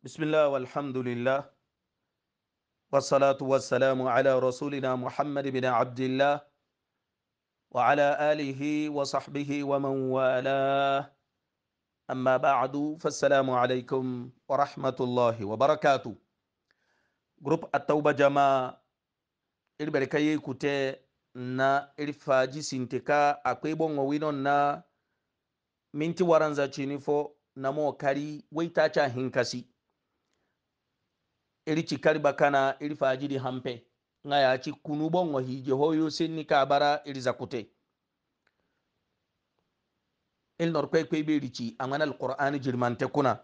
بسم الله والحمد لله والصلاة والسلام على رسولنا محمد بن عبد الله وعلى آله وصحبه ومن والاه أما بعد فالسلام عليكم ورحمة الله وبركاته جروب التوبة جماعة إلبركة يكوتي نا إلفاجي سنتكا أكويبون ووينون نا منتي waranza chini نمو كاري ويتاچا kari iri cikari bakana iri fajiri hampe nga yaci kunu bongo hije hoyo senni kabara iri zakute il nor kwe kwe beri ci amana alqur'ani jirmante kuna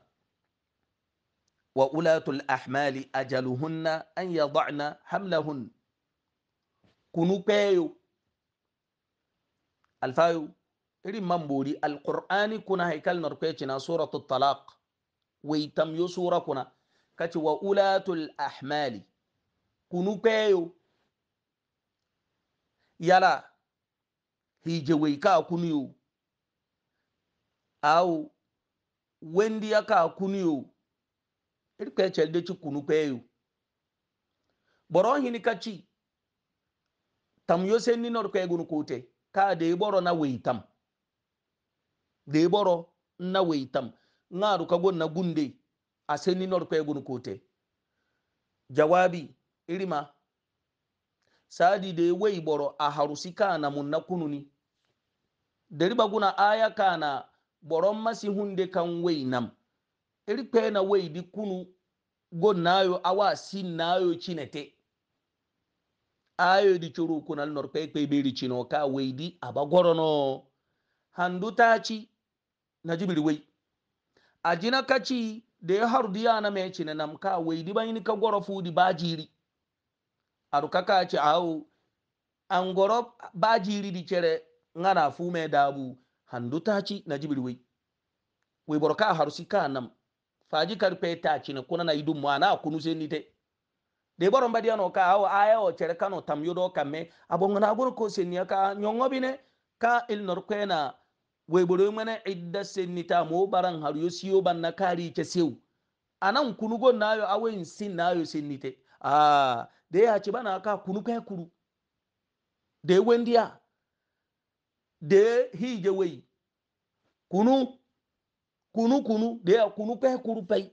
wa ulatul ahmali ajaluhunna an yada'na hamlahun kunu peyo alfayo iri mambori alqur'ani kuna haikal nor kwe cina suratul talaq waitam yo sura kuna kati wa ulatul ahmali kunu peyo yala hije weika kunu yo au wendi yaka kunu yo iri kwe chelde chi kunu peyo boro hini kachi tam yose ni nor kwe kote ka de boro na weitam de boro na weitam ngaru kagon na gunde A aseni norkwe gunkute kote jawabi irima sadi da wai iboro a harusi kana munna kununi dari baguna aya kana boron masi hunde kan wai nam irkwe na wai di kunu gon nayo awa sin nayo cinete ayo di curu kunal norkwe kwe beri cino ka wai di abagorono handu taci na jibiri wai ajina kaci de har diya na me cine nam ka wai di bayni ka goro fudi bajiri aru kaka ci awu an goro bajiri di cere ngana fu me dabu handu ci na jibiri wai wai bor ka harusi ka nam faji ta taci na kuna na mana kunu sen ni te de boron badi ano ka awu aya o cere kano tam yodo kamme abon na goro ko sen ni ka nyongo bine ka il norkwena weboro mana idda senita mo baran har yo siyo ban na kari ke sew anan kunu go kunugo nayo awen sin nayo senite ah de ya ci bana ka kunu kai kuru de wendiya de hije wei kunu kunu kunu de ya kunu kai kuru pai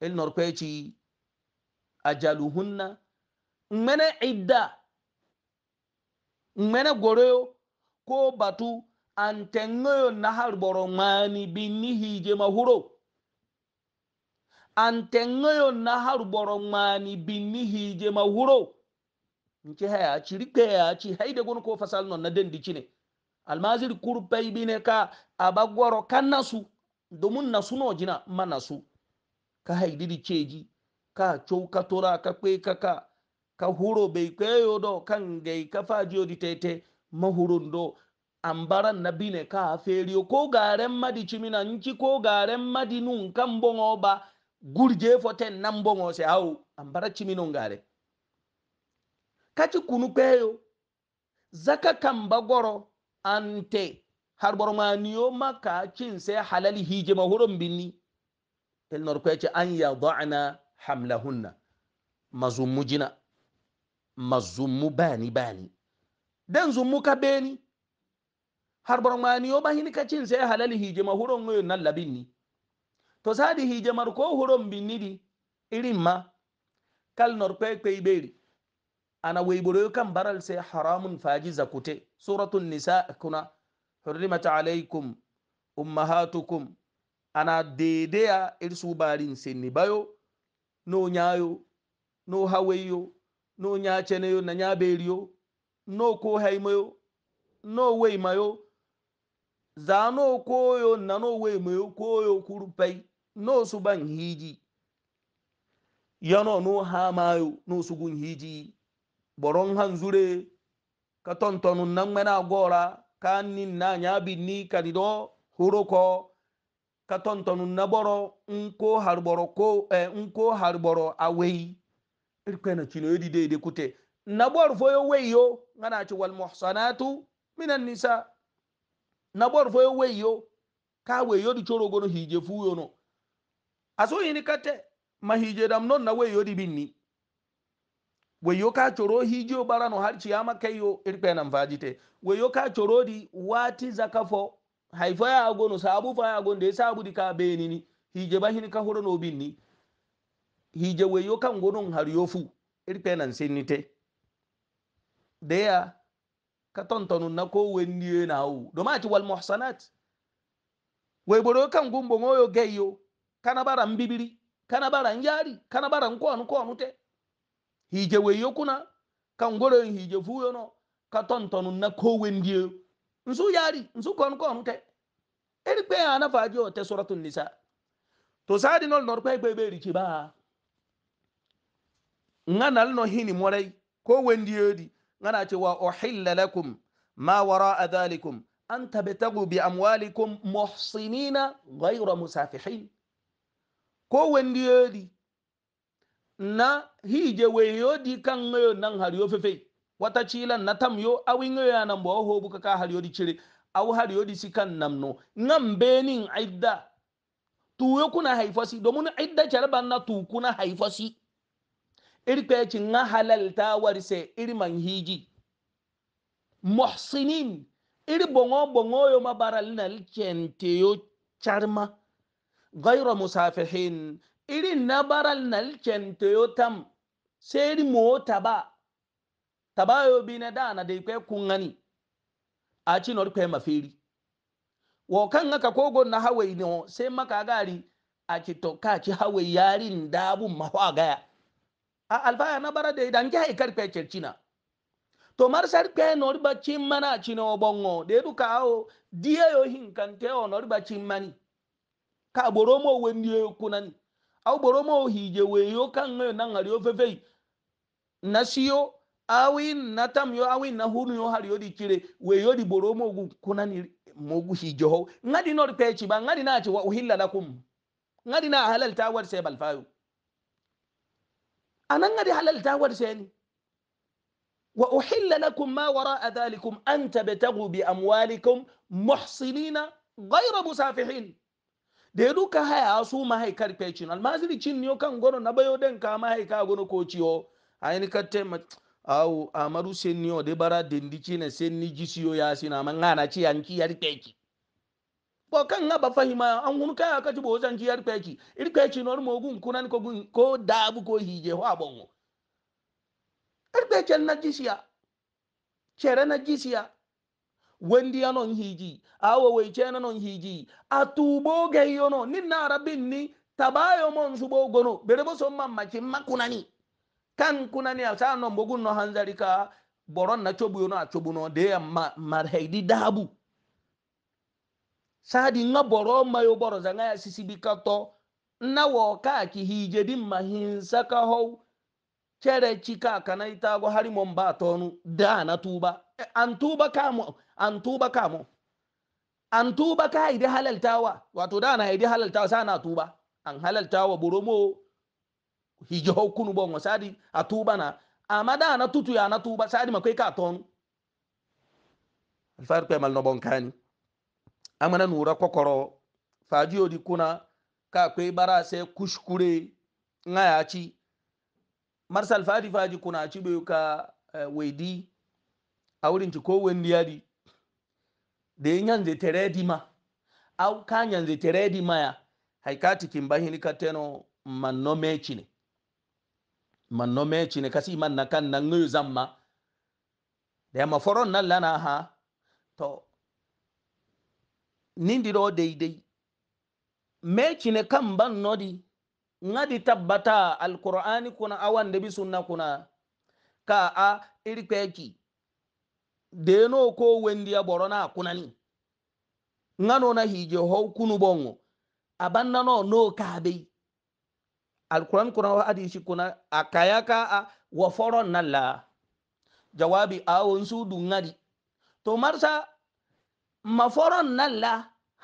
el nor kai ci ajaluhunna mene idda mene goro ko batu tengoyo nahar boro mani binni hije mahuro tengoyo nahar boro mani binni hije mahuro nke haya ci, rike ya ci haide gon ko fasal non na dendi cine almazir kurpay bine ka abagwaro kannasu domin nasu no jina manasu ka di ceji ka chouka tora ka kwe kaka ka huro bai kwayo do kan gai ka fajiyo di tete mahuron An baran na bine ka feriyo ko garen madi cimina nki ko garen madi nun kan bongo ba gurje foten nan bongo se an bara cimino gare kaci kunu kweyo zaka kan bagoro ante har niyo maka cin sai halal hije mahurin binni ilnor kwece an ya da'na hamlahunna mazummu jina mazummu bani bani dan zummu ka beni har bor mani yo kacin sai halal hije ma huron ngoyo nan ni. to sadi hije mar ko huron binnidi irin ma kal nor pe pe ana weyboro kan baral sai haramun faji kute, suratul nisa kuna hurrimat alaikum ummahatukum ana dedeya irsu barin senni bayo no nyayo no haweyo no na nyaberiyo no ko haymayo no zano koyo nano we me koyo kurpai no su ban hiji yano no ha mayo no su gun hiji boron hanzure ka tontonu nan mena gora ka nin na nyabi ni kanido huruko ka tontonu na boro nko harboro ko eh, nko harboro awei irkwena chino yedi de de kute na bor foyo weyo ngana ci wal muhsanatu minan nisa' na bor fo weyo ka weyo di choro gono hije fuyo no aso yini kate ma hije dam non na weyo di binni weyo ka choro hijo bara no har kai kayo irpe nan fajite weyo ka choro di wati zakafo haifa ya gono sabu fa ya gono de sabu di ka benini hije ba hini ka horo no binni hije weyo kan gonon har yofu irpe nan sinnite deya ka tontonu na ko wenniye na wo do ma ci wal muhsanat we boro kan gumbo ngoyo geyo kana bara mbibiri kana bara njari kana bara nkwanu kwanu te hije we yokuna kan goro hije fuyo no ka tontonu na ko wendiye nsu yari nsu kwanu kwanu te eri pe ana faji o te suratul nisa to sadi nol nor pe be ri ki ba ngana no hini morai ko wendiye di غنا تي واحل لكم ما وراء ذلكم ان تبتغوا باموالكم محصنين غير مسافحين كو وندي يدي نا هي جوي يدي كان نيو نان هاريو ففي واتا تشيلا ناتام يو اوين يو انا مبو هو بوكا هاريو دي تشيري او هاريو دي سيكان نامنو نام بينين عيدا تو يكون هاي فاسي دومون عيدا تشالبان تو كنا هاي فاسي iri ci nga halalta warse iri man hiji muhsinin iri bongo bongo yo baral nal cente yo charma gayra musafihin iri baral nal cente yo tam seri mo taba taba yo bina dana de kwe kungani aci nori kwe mafiri wo kan aka kogo na hawai ne sai maka gari a ci to ka ci hawai yarin dabun mahwa gaya a alfaya na bara da dan ja ikar pe cherchina to mar sar pe nor ba chimmana chino bongo da du ka o die yo hinkante o nor ba mani. ka boromo wendi kunani au boromo hije we yo kan ngayo nan ngari yo fefei nasiyo awi natam yo awi na hunu yo hari yo di kire we yo di boromo gu kunani mogu hijo ho ngadi nor pe chiba ngadi na chi wa uhilla lakum ngadi na halal tawar sai balfayu anan gadi halalta war sheni wa uhilla lakum ma wara'a dhalikum an tabtagu bi amwalikum muhsinina ghayra musafihin da duka haya su mahaikar karfe cin almaziri cin ne kan gono na bayo den ka mahai ka gono ko ciyo ayini katte aw amaru sen ni o de bara dendi cine sen ni jisiyo yasina ma ngana ci yanki yar keki bo kan nga ba fahima an gum ka ka ti bo zan ji yar peki ir peki nor mo gun kunan ko gun ko dabu ko hije ho ir peki na jisiya chere na jisiya wendi anon hiji awo we chena no hiji atubo ge yono ni na ni tabayo mon subo gono bere bo so mamma ci makunani kan kunani a sa non bogun no hanzari ka boron na chobu yono a chobu no de ma marheidi dabu sadi nga boro ma yo boro za nga ya sisi bikato na wo ka ki hije din ma hinsa ka ho chere chika kana itago hari mo mba tonu da na tuba e, antuba kamo antuba kamo antuba ka ide tawa. wato da na ide tawa sana tuba an halal halaltawa boromo hijo ho kunu bon sadi atuba na amma da na tutu ya na tuba sadi makai ka tonu alfarko mal no bon kani amana nura kokoro faji di kuna ka kwe bara se kushkure nga ya ci marsal faji faji kuna ci be ka uh, eh, wedi a wurin ci ko wendi yadi da nyanze yanzu tere di ma au ka yanzu tere di ma ya haikati kimbahi ni ka manno meci ne manno meci ne kasi man na kan nan ngayu zamma da ya maforon nan lana ha to nindiro daidai kine kan ban nodi ngadi tabbata alqur'ani kuna awan da bi sunna kuna ka a irpeki deno ko wendiya borona kunani ngano na hije ho kunu bongo abanna no no k'a be alquran kuna hadisi kuna akaya ka a wa foron nalla jawabi awon su dungadi to marsa mafaron nan la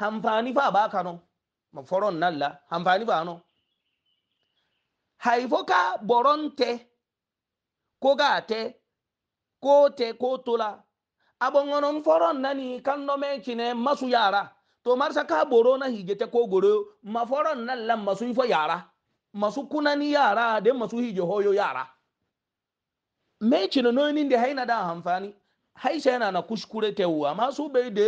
hamfani fa ba ka no maforon nan la hamfani ba no haifo ka boron ko ga te ko te ko tola abongonon foron nani kan no me kine masu yara to marsa ka boro na hijete ko goro maforon nan la masu ifo yara masu kunani yara da masu hije hoyo yara me kine no ni da haina da hamfani haisha yana na kushkure tewa masu bai da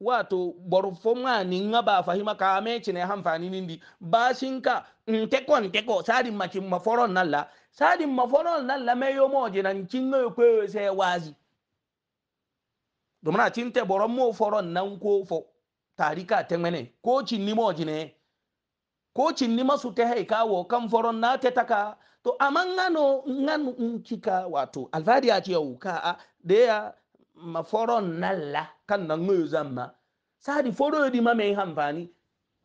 wato borfo mani nga ba fahima ka me cine hamfani nindi bashinka nteko nteko sadi macin maforon nalla sadi maforon nalla me yo mo jina nkinno kwe se wazi domna tinte boron mo foron nan ko fo tarika temene ko cinni mo jine ko cinni masu te hai kawo kan foron na te taka to amman ngano ngan nkika wato alfadi a ce yau ka a deya ma foro nalla kan na ngoyo e zamma sadi foro di ma mai hanfani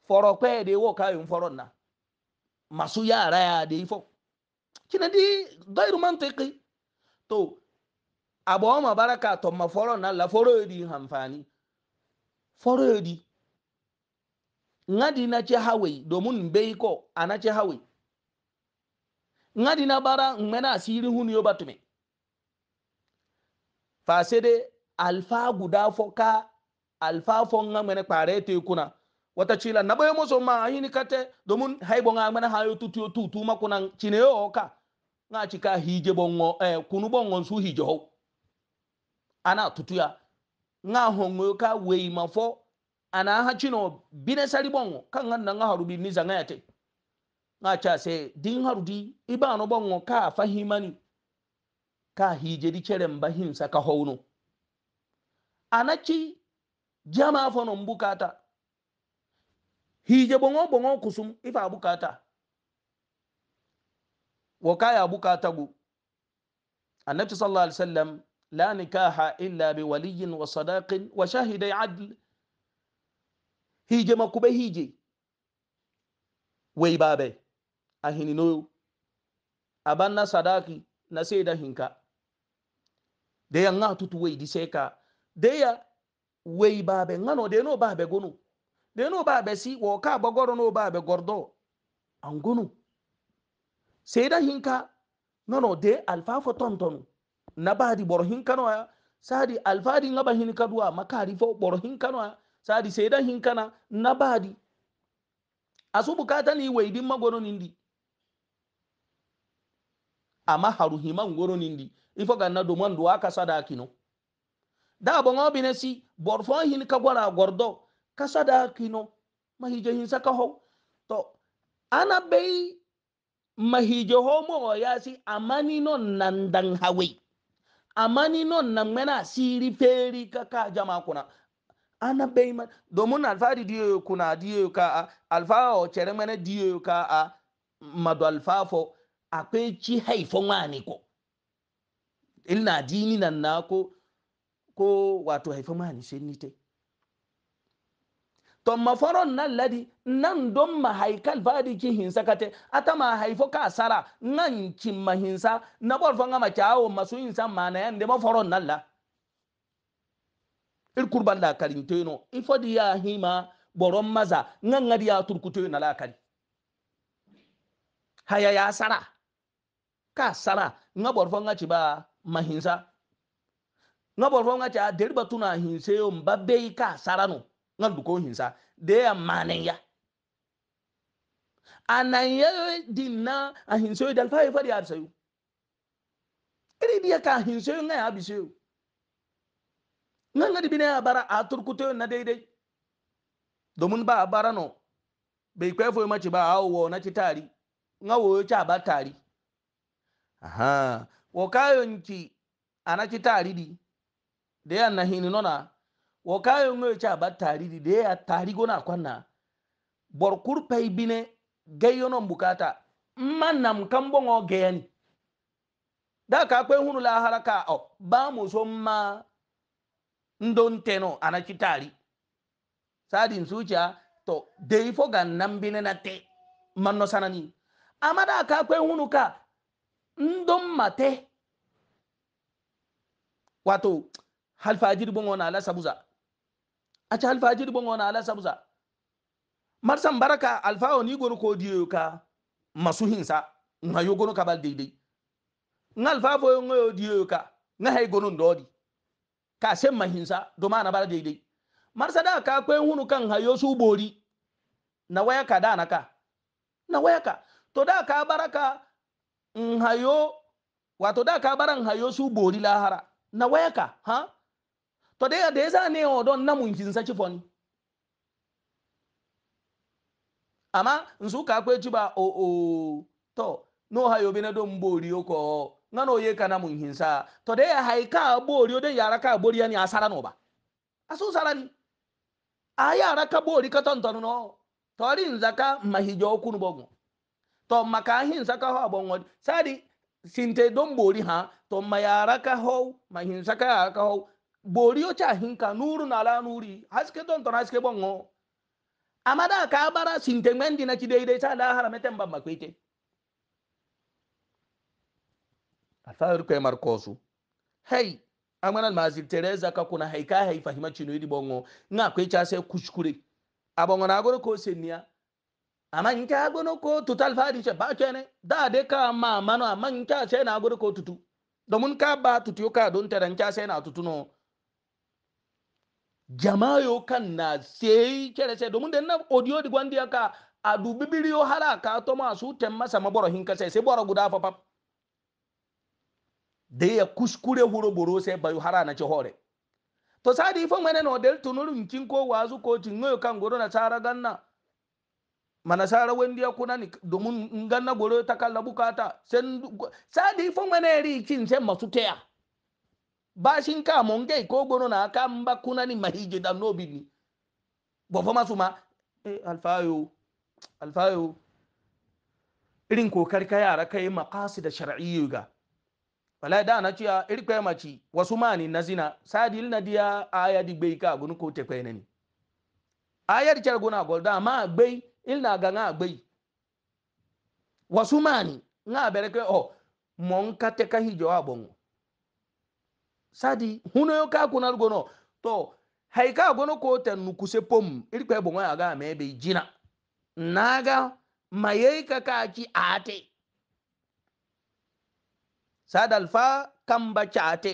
foro kwe de wo kayo foro na masu yara ya de ifo kina di gairu mantiki to abu ma baraka to ma foro nalla foro di hamfani foro di ngadi na ce hawai domin bai ko a na ce hawai ngadi na bara ngmena asiri hunu yo batume de alfa guda foka alfa fonga mene kpare te kuna wata chila na boye moso ma hini kate domun bo nga mene hayo tutu tutu ma kuna chine yo oka nga chika hije bongo eh kunu bongo su hije ho ana tutu ya nga hongo ka wei ma fo ana ha chino bine sali bongo kanga na nga harubi niza nga yate nga cha se din harudi ibano bongo ka fahimani ka hijiri ceren ba himsa ka howno anaci jama fonon bukata hije bongo bongo kusum ifa bukata wakaya bukata gu annabi sallallahu alaihi wasallam la nikaha illa bi waliyin wa sadaqin wa shahidai adl hije makube hije wai babe a hinino aban na sadaki na saida hinka de ya nga tutu wey di seka de ya wey babe ngano de no babe gono de no babe si wo ka bogoro no babe gordo an gono sai da hinka ngano de alfafo tontonu na ba badi boro hinka no ya sadi alfadi ba hinka duwa makari fo boro hinka no ya sadi sai da hinka na na di. asu bukata ni wey din magono nindi Ama haruhiman goro nindi ifo ganna duman duwa ka sada kino da bon obine si borfo hin ka gwara gordo ka sada kino mahije hin saka ho to ana bei mahije ho mo ya si amani non nan dan hawe amani non nan mena siri feri ka ka jama kuna ana bei ma domin alfari diyo kuna diyo ka alfa o chere mene diyo ka a madalfafo akwai ci haifo wani ko illa dini nan na ko ko wato haifa ma sai ni tai to mafaron nan ladi nan don ma haikal fadi ki hinsa te ata ma haifo ka sara nan kin ma hinsa na borfan ga makawo masu hinsa ma na yan de mafaron nan la il kurban la karin teno ifodi ya hima boron maza nan ngadi ya turkuto na la kari haya ya sara ka sara nga borfan ga ci ba mahinsa nga bor fo nga cha deri batuna hinse yo mbabe ka sarano nga duko hinsa de ya mane ya ananya dinna a hinse yo dalfa fa ya absayu iri dia ka hinse yo nga ya absayu nga nga dibine ya bara a turkuto na daidai domin ba a bara no bai kwaifo mace ba a wo na ci tari nga wo cha ba tari aha wo kayonki anaki taridi de ya na hini nona wo kayon cha ba taridi de ya tarigo na kwanna bor kurpay bine gayono bukata mannam ngo geyani da ka kwe hunu la haraka o ba mu so ma ndon teno anaki tari sadin sucha to de ifo ga nambine na te manno sanani amada ka kwe hunu ka mate wato halfajiri bongona ala sabuza aca halfajiri na ala sabuza marsan baraka alfawo ni gonu ko diyo ka masu hinsa nga yo gonu kabal daidai nga alfafo yo nga yo diyo ka nga hay gonu ndodi ka sem mahinsa do mana bara daidai marsa da ka kwen hunu kan hayo su bori na waya ka da na ka na waya ka to da ka baraka in hayo wato da ka baran hayo su bori lahara na wayaka ha to dai da yasa ne o don na munkin saci foni amma in su ka kwe ba o o to no hayo bi na don bori o ko ngana oye kana munkin sa to dai haika bori o don yara ka bori ya ni asara no ba asu sara ni a yara ka bori ka tontonu no tori nzaka mahijo okunu bogun to makahin saka ho abon sadi sinte don bori ha to mayara ka ho mahin saka ka a bori o cha hinka nuru na la nuri haske don to haske bongo amada ka bara sinte mendi na chide ide cha la haramete mbamba kwete afaru kwe markosu hey amana mazil tereza ka kuna haika haifa himachinu idi bongo nga kwecha se kushkure abongo na agoro ko senia amma in ka gano ko total fadi ce ba ke ne da de ka ma mano amma in ka ce na gudu ko tutu domin ka ba tutu ka don ta dan ka sai na tutu no jama'a yau kan na sai kere sai domin da na audio di gwandi ka a dubi biriyo hala ka to ma su temma sama boro hin ka sai sai bora guda fa fa da ya kuskure huro boro sai bayu hara na ci hore to sadi ifo mene no del tunurun kin ko wazu ko tin ngoyo kan goro na tsara ganna manasara wendia ni? domin na goro ta kalla bukata sen sadi fo maneri kin sen masutea bashin ka kai ko goro na aka mba kunani mahije da nobini bo fo masuma eh alfayo alfayo irin kokar ka yara kai da shar'iyyu ga wala da na ciya kai maci wasu mani na zina sadil na diya aya di bai ka gunu ko te kwai ne ni ayar kyar guna golda ma bai ilna ga nga gbei wasumani nga bereke o oh, mon te ka hijo abongo sadi huno yo ka kunal gono to hay ka gono ko tan kuse pom iri kwe bongo me be jina naga mayai ka ka ki ate sadalfa kamba ate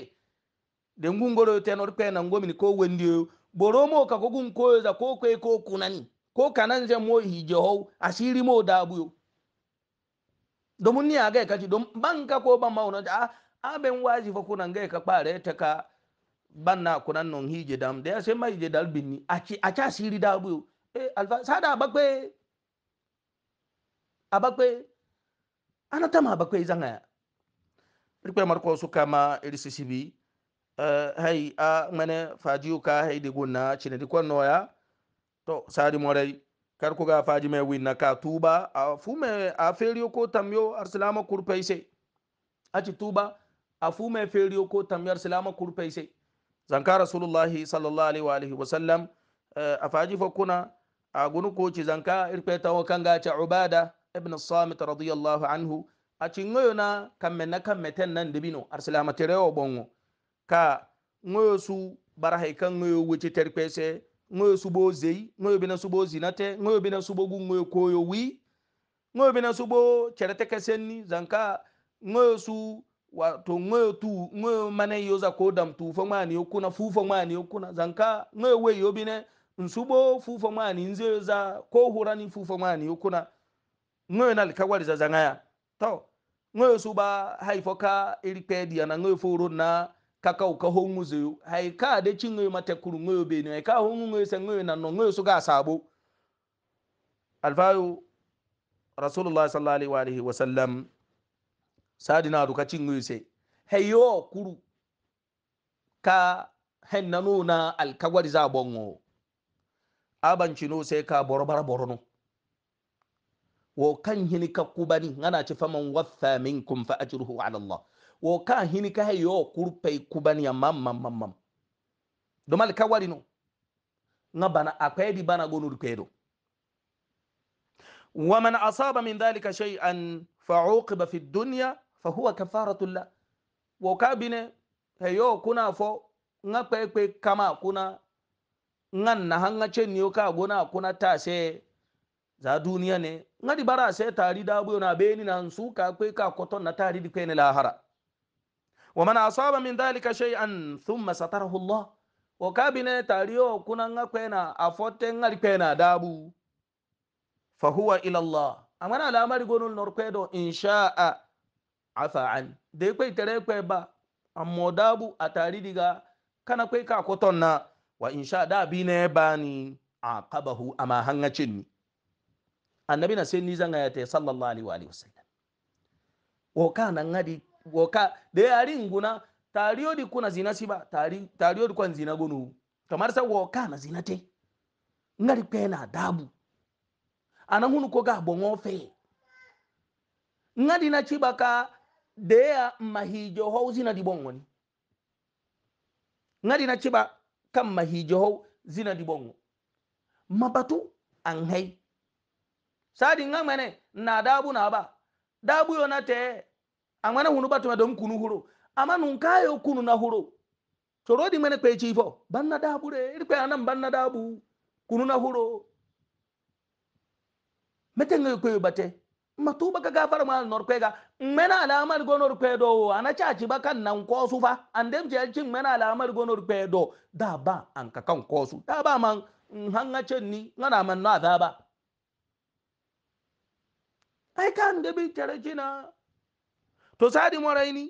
de ngungoro tenor kwe na ngomi ko wendi boromo ka ko gun koyo za ko ko kunani ko kanan je mo hije ho asiri mo da buyo domin ni aga kaci don banka ko ah, ban mauna a aben waji fa kunan ga ka bare ta ka banna kunan non hije dam da sai mai je dalbini a ci a ci asiri da buyo eh alfa sada bakwe abakwe anatama zan zanga rikwe marko su kama irisi sibi uh, hai a mene fajiu ka hai digunna cine dikwan noya to sari morai kar ku ga faji mai win na ka tuba a fu mai a feriyo ko tamyo arsilama kurfai sai a ci tuba a fu mai feriyo ko tamyo arsilama kurfai sai zanka rasulullahi sallallahu alaihi wa alihi wa sallam eh, a faji fa kuna a gunu ko ci zanka ta wa kanga ci ubada ibn samit radiyallahu anhu a ci ngoyo na kamme na kamme ten nan dibino arsilama terewo bongo ka ngoyo su barahai kan ngoyo wuci terpese ngoyo subo zei ngoyo bina subo zinate ngoyo bina subo gu ngoyo koyo wi ngoyo bina subo cerete kesenni zanka ngoyo su wato ngoyo tu ngoyo mane yoza ko dam tu fo mani yokuna fu fo mani yokuna zanka ngoyo we yobine nsubo fu fo mani nze za ko hurani fu fo mani yokuna na nal kawali za zangaya to ngoyo suba haifo ka ilipedi ana ngoyo fo na kakau ka hongu zeyo hay ka de chingoyo mate kuru ngoyo beni Hai ka hongu ngoyo se ngoyo na no ngoyo suga sabo alfayu rasulullah sallallahu alaihi wa sallam, wasallam sadina du ka chingoyo se yo kuru ka hen na al alkawari za bongo abanci no sai ka borobara borono wo kan hini ka kubani ngana ci faman waffa minkum fa ajruhu ala allah wo ka hini ka yo kurpe kubani ya mam mam mam mam do mal ka wari no nga bana akwedi bana gonu kwedo ومن أصاب من ذلك شيئا فعوقب في الدنيا فهو كفارة له وكابنة هيو كنا فو nga kwekwe kama kuna ngan na hanga chenyo ka gona kuna tase za duniya ne nga di bara tari da bu na beni na nsu ka kwe ka na tari kwe lahara ومن أصاب من ذلك شيئا ثم ستره الله وكابنة تاريو كنا نقينا أفوتين نقينا دابو فهو إلى الله أمانا على أمر يقولون نرقيدو إن شاء عفا عن دي كوي تري كوي با أمو دابو أتاري ديغا كان كوي كاكوتونا وإن شاء دابين باني عاقبه أما هنجني النبي نسيني زنغا يتي صلى الله عليه وآله وسلم وكان نغدي woka de ari nguna tariyo di kuna zina siba tari tariyo di kuna zina gonu kamar sa woka na zina te ngari pe na dabu anan hunu ko ga bongo fe ngadi na chibaka ka deya mahijo ho zina di bongo ni ngadi na chiba kan mahijo ho zina di bongo mabatu an hai sadi ngamane na dabu na ba dabu yo na te amana hunu batu don kunu huro amanu kayo kunu na huro toro di mene kwe chifo banna dabu re iri kwe anam banna dabu kunu na huro mete ngai kwe bate matuba ka gafara ma nor kwe ga mena alamar go nor kwe do ana chachi ba na nan fa andem je chin mena alamar go nor kwe do da ba an ka da ba man nhanga chen ni ngana man na da ba ai kan de تو تساعد مريني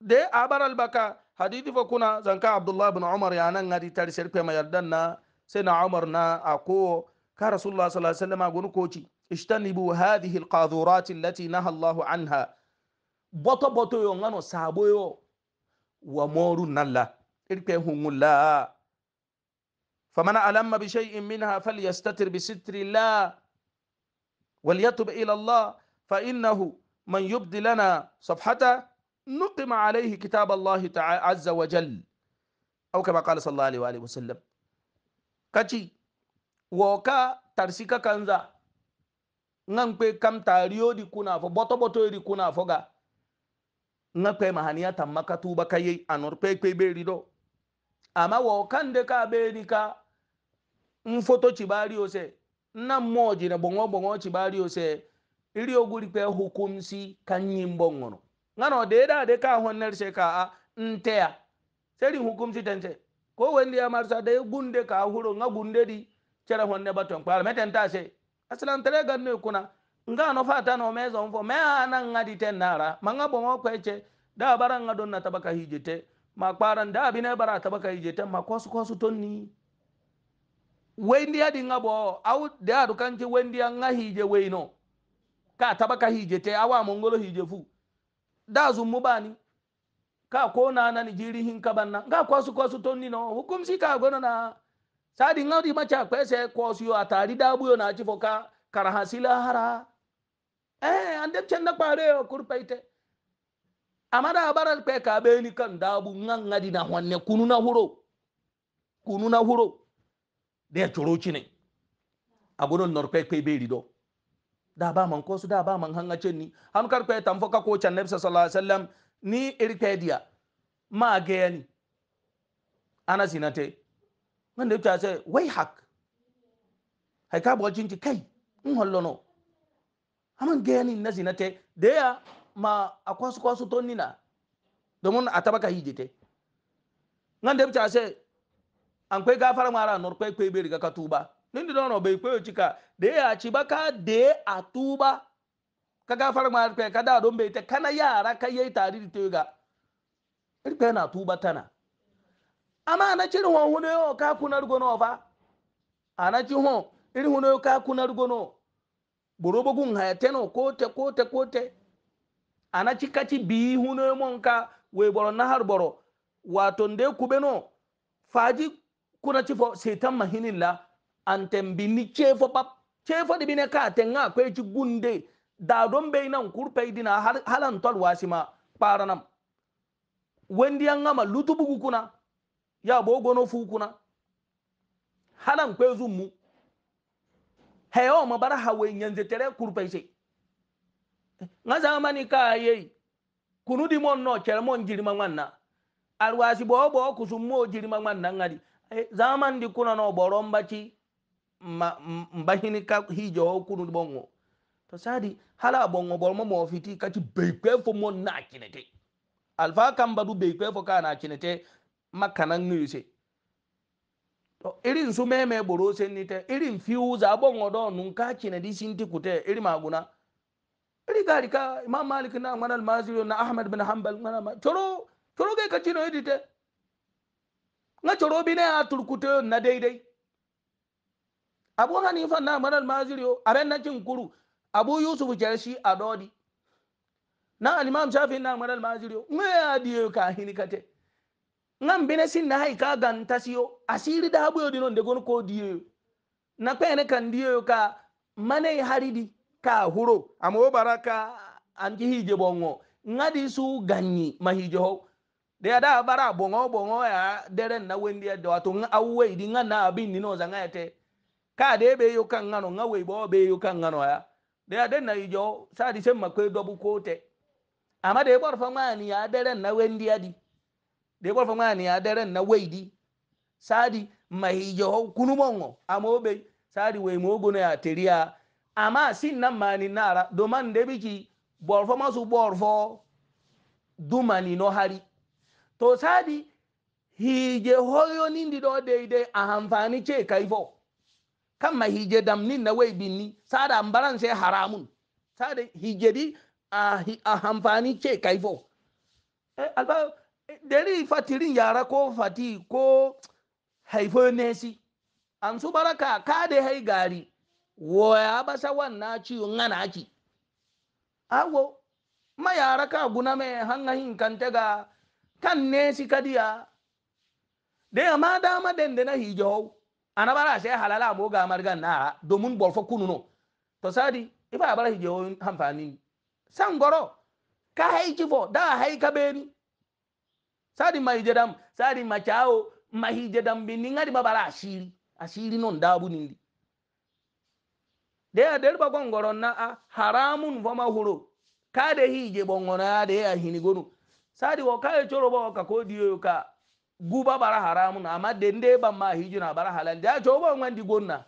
دي أبر البكا حديث فكنا زنكا عبد الله بن عمر يعني نغادي تاري سيربي ما يردنا سينا عمرنا نا أكو كرسول الله صلى الله عليه وسلم أقول كوتي اجتنبوا هذه القاذورات التي نهى الله عنها بطا بطا يونغانو سابو يو ومورو نالا إلكي هم لا فمن ألم بشيء منها فليستتر بستر الله وليتب إلى الله فإنه من يبدي لنا صفحته نقم عليه كتاب الله تعالى عز وجل أو كما قال صلى الله عليه وآله وسلم كتي وكا ترسيكا كنزا نانكوي كم تاريو دي كنا فو بطو بطو دي كنا فوغا نانكوي مهانيا تمكا توبا كيي أنور كوي كوي بيري دو أما وكان دكا بيري كا nfoto chibari ose nna mmụọ ji na gbọnwọ gbọnwọ chibari ose iri oguri pe hukumsi kanyin bongono ngano de da de ka honner se ka a nteya seri hukumsi tense ko wendi ya marsa de gunde ka huro nga gunde di cera honne baton kpara meten ta se aslan tere ganne kuna nga no fata no mezo mfo me ana ngadi tenara manga bomo kweche da bara nga donna tabaka hijete ma kparan da bine bara tabaka hijete ma kosu kosu tonni wendi adi nga bo au da dukanci wendi nga hije weino ka taba ka hije te awa mongolo hije fu da mu bani ka ko na na ni jiri hin kaban na ga kwasu kwasu tonni no hukum si ka gono na sadi ngadi macha kwese kwasu yo atari bu yo na chifo ka karahasila hara eh andem chenna kware yo kurpaite amada abaral pe ka be ni kan dabu ngangadi na wanne kunu na huro kunu na huro de choro chine agono norpe pe be rido da ba man kosu da ba man hanga cenni ham kar kwe tamfo ka ko can nabi sallallahu alaihi wasallam ni iritedia ma gayani ana sinate man da ta sai wai hak hay ka bo jinti kai in hollo no haman gayani na sinate da ya ma akwasu kwasu tonni na domin a tabaka hijite nan da ta sai an kwe gafara mara nor kwe kwe be riga ka tuba nindi dono bai kwayo cika da ya ci ba ka da a tuba ka gafar ma kai ka da don bai ta kana yara kai yayi tare da toga irka na tuba tana amma na cin hon hunu yo ka kunar gono fa ana ci hon iri huno yo ka kunar gono borobogun hayateno kote kote kote ana ci kaci bi huno yo monka we boro nahar boro wato nde kubeno faji kuna ci fo setan mahinilla antembini chefo pap chefo di bine ka tenga kwe chi gunde da don bai nan kurpe dina halan tol wasima paranam wendi an ngama lutubugu kuna ya bo gono fu kuna halan kwe zummu heyo ma bara hawe nyanze tere kurpe shi nga zamani ka yei kunu di mon no chere mon ma ngwanna alwasi bo bo kusummo ma ngwanna ngadi zaman di eh, kuna no borombaci mbahini ka hijo kunu bongo to sadi hala bongo bor mo mo fiti kati beikwe fo mo na kinete alfa kan badu beikwe fo ka na kinete makana ngise to irin su meme boro senite irin fiuza bongo do nun ka kinedi sinti kute irin maguna iri gari ka imam malik na ngana almaziri na ahmad bin hanbal ngana choro choro ge kachino edite nga choro bine aturkute na daidai abu hanifa na maral maziriyo a ran na kuru abu yusuf jarshi a dodi na alimam shafi na maral maziriyo ne ya diyo ka hini kate nga mbine sin na haika gantasiyo asiri da abu habu yodino ndegon ko diyo na pene kan diyo ka mane haridi ka huro amma baraka an ji hije bongo ngadi su ganyi mahije ho da ya da bara bongo bongo ya deren na wendi ya da wato nga awwe di nga na abin ni no zanga ya te ka de be yo kan nga we bo be kan ngano ya de ya den na ijo sa di sem makwe dobu kote ama de bor fa mani na wendi adi de na sadi mahijo kunu mongo sadi we ya ama sin nan mani nara de no hari to sadi hije hoyo nindi do deide a hanfani ce kai kan ma hije damni na wai binni sada ambaran sai haramun sada hijedi a amfani ke kaifo eh, alba eh, dari fatirin yara ko fati ko haifo nesi an su baraka ka da hai gari ba sa wannan ciwo ngana ki awo ma yara ka guna mai hangahin kanta ga kan nesi kadiya da ma dama dende na hijahau ana bara sai halala bo ga margan na domin borfo kununo to sadi ifa bara hije won amfani san goro ka hai kifo da hai ka beni sadi mai jedam sadi machao mahi jedam bini ngadi babara ashiri ashiri non dabu nindi de a derba gon goron na a haramun fama huro ka de hije bongona de a hinigonu sadi wo ka e choro bo ka ko diyo ka guba bara haramu na amma dende ban ma hijina bara halal da to ban wandi gonna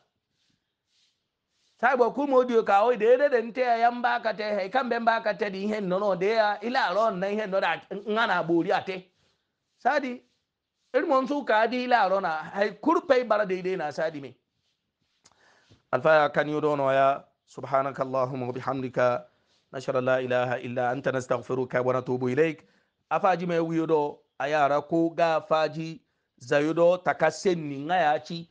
sai ba mu dio ka oi dede den te yan ba ka te hay kan ben ba ka te di hen no no de ya ila ro na hen no da ngana buri ate sadi irmon su ka di ila ro na hay kurpe bara de de na sadi me alfa kan yodo no ya subhanakallahumma wa bihamdika nashara la ilaha illa anta nastaghfiruka wa natubu ilaik afaji me wiyodo a yara ko ga faji zayo do taka senni nga ya ci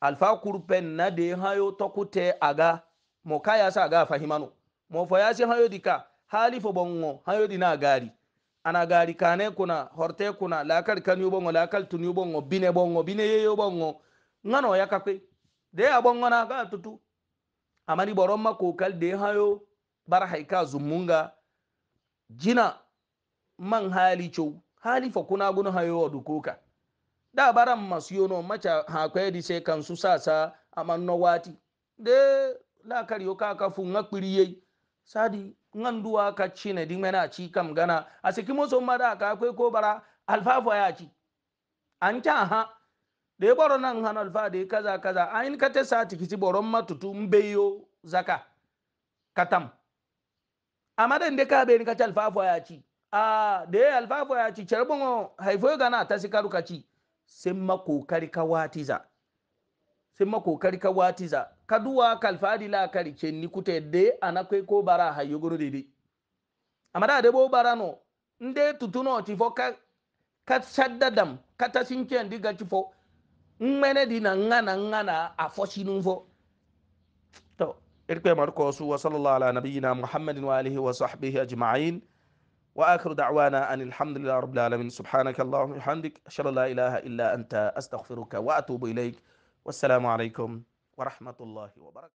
alfa kurpen na de hayo tokute aga mo kaya sa ga fahimano mo fo ya si hayo dika hali fo bongo hayo dina gari ana gari kane kuna horte kuna lakal kanyo bongo lakal bongo bine bongo bine yeyo bongo ngano ya kakwe de ya bongo na ga tutu amani boron ma kal de hayo bar haika zumunga jina man hali chow hali fa kuna gun hayo dukuka da baran masiyono maca hakwai di sai kan su sasa a manno wati de la kariyo ka ka fu ngakpiriyei sadi ngan duwa ka cine di mena ci kam gana a asiki moso da ka kwe ko bara alfafa ya ci an ta ha da boro nan han alfa da kaza kaza ayin ka ta sati kici boron matutu mbeyo zaka katam amma da ka bai ka ta alfafa ya ci a ah, da ya alfafa ya ci carbon haifo gana ta si karuka ci sai makokari ka watiza sai makokari ka watiza kaduwa kalfadi la kari ce ni kuta de kai ko bara hayo goro dede amma da debo bara no nde tutuno ci fo ka ka shaddadam ka ta sinke ndiga ci fo mmene di na ngana ngana a fo sinun fo to irkwe marko su wa sallallahu ala nabiyyina muhammadin wa alihi wa sahbihi ajma'in واخر دعوانا ان الحمد لله رب العالمين سبحانك اللهم وبحمدك اشهد ان لا اله الا انت استغفرك واتوب اليك والسلام عليكم ورحمه الله وبركاته